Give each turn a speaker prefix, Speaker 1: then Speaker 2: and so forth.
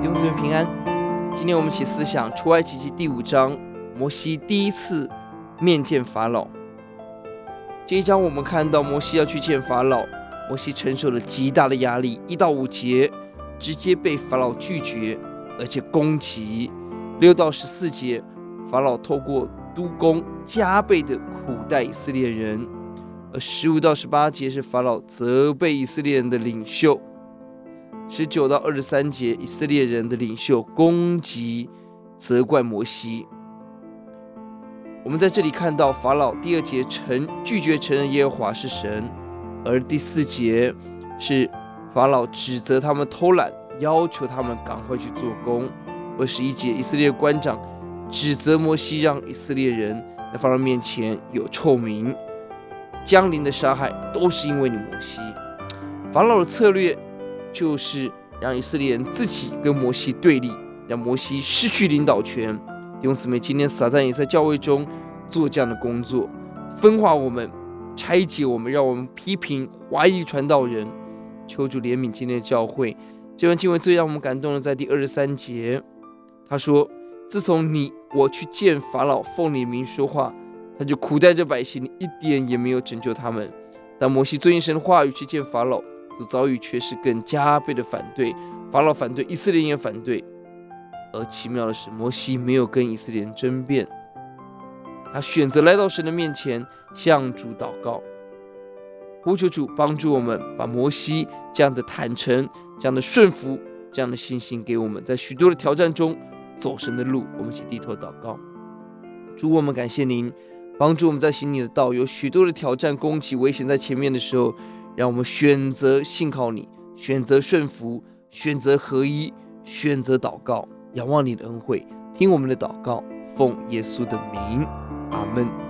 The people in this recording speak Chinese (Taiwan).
Speaker 1: 弟兄姊妹平安，今天我們一起思想《出埃及記》第五章，摩西第一次面見法老。這一章我們看到摩西要去見法老，摩西承受了極大的壓力。一到五節直接被法老拒絕，而且攻擊。六到十四節，法老透過督工加倍的苦待以色列人，而十五到十八節是法老責備以色列人的領袖。十九到二十三節，以色列人的領袖攻擊、責怪摩西。我們在這裡看到法老第二節承拒絕承認耶和華是神，而第四節是法老指責他們偷懶，要求他們趕快去做工。二十一節以色列官長指責摩西，讓以色列人在法老面前有臭名。將臨的殺害都是因為你摩西。法老的策略，就是讓以色列人自己跟摩西對立，讓摩西失去領導權。弟兄姊妹，今天撒旦也在教會中做這樣的工作，分化我們，拆解我們，讓我們批評懷疑傳道人。求主憐憫今天的教會。這段經文最讓我們感動的在第二十三節，他說：“自從你我去見法老，奉你的名說話，他就苦待這百姓，一點也沒有拯救他們。當摩西遵行神的話語去見法老。”遭遇卻是更加倍的反對，法老反對，以色列人也反對。而奇妙的是，摩西沒有跟以色列人爭辯，他選擇來到神的面前，向主禱告，呼求主幫助我們，把摩西這樣的坦誠、這樣的順服、這樣的信心給我們，在許多的挑戰中走神的路。我們一起低頭禱告，主，我們感謝您，幫助我們在行你的道，有許多的挑戰、攻擊、危險在前面的時候。讓我們選擇信靠你，選擇順服，選擇合一，選擇禱告，仰望你的恩惠，聽我們的禱告，奉耶穌的名，阿門。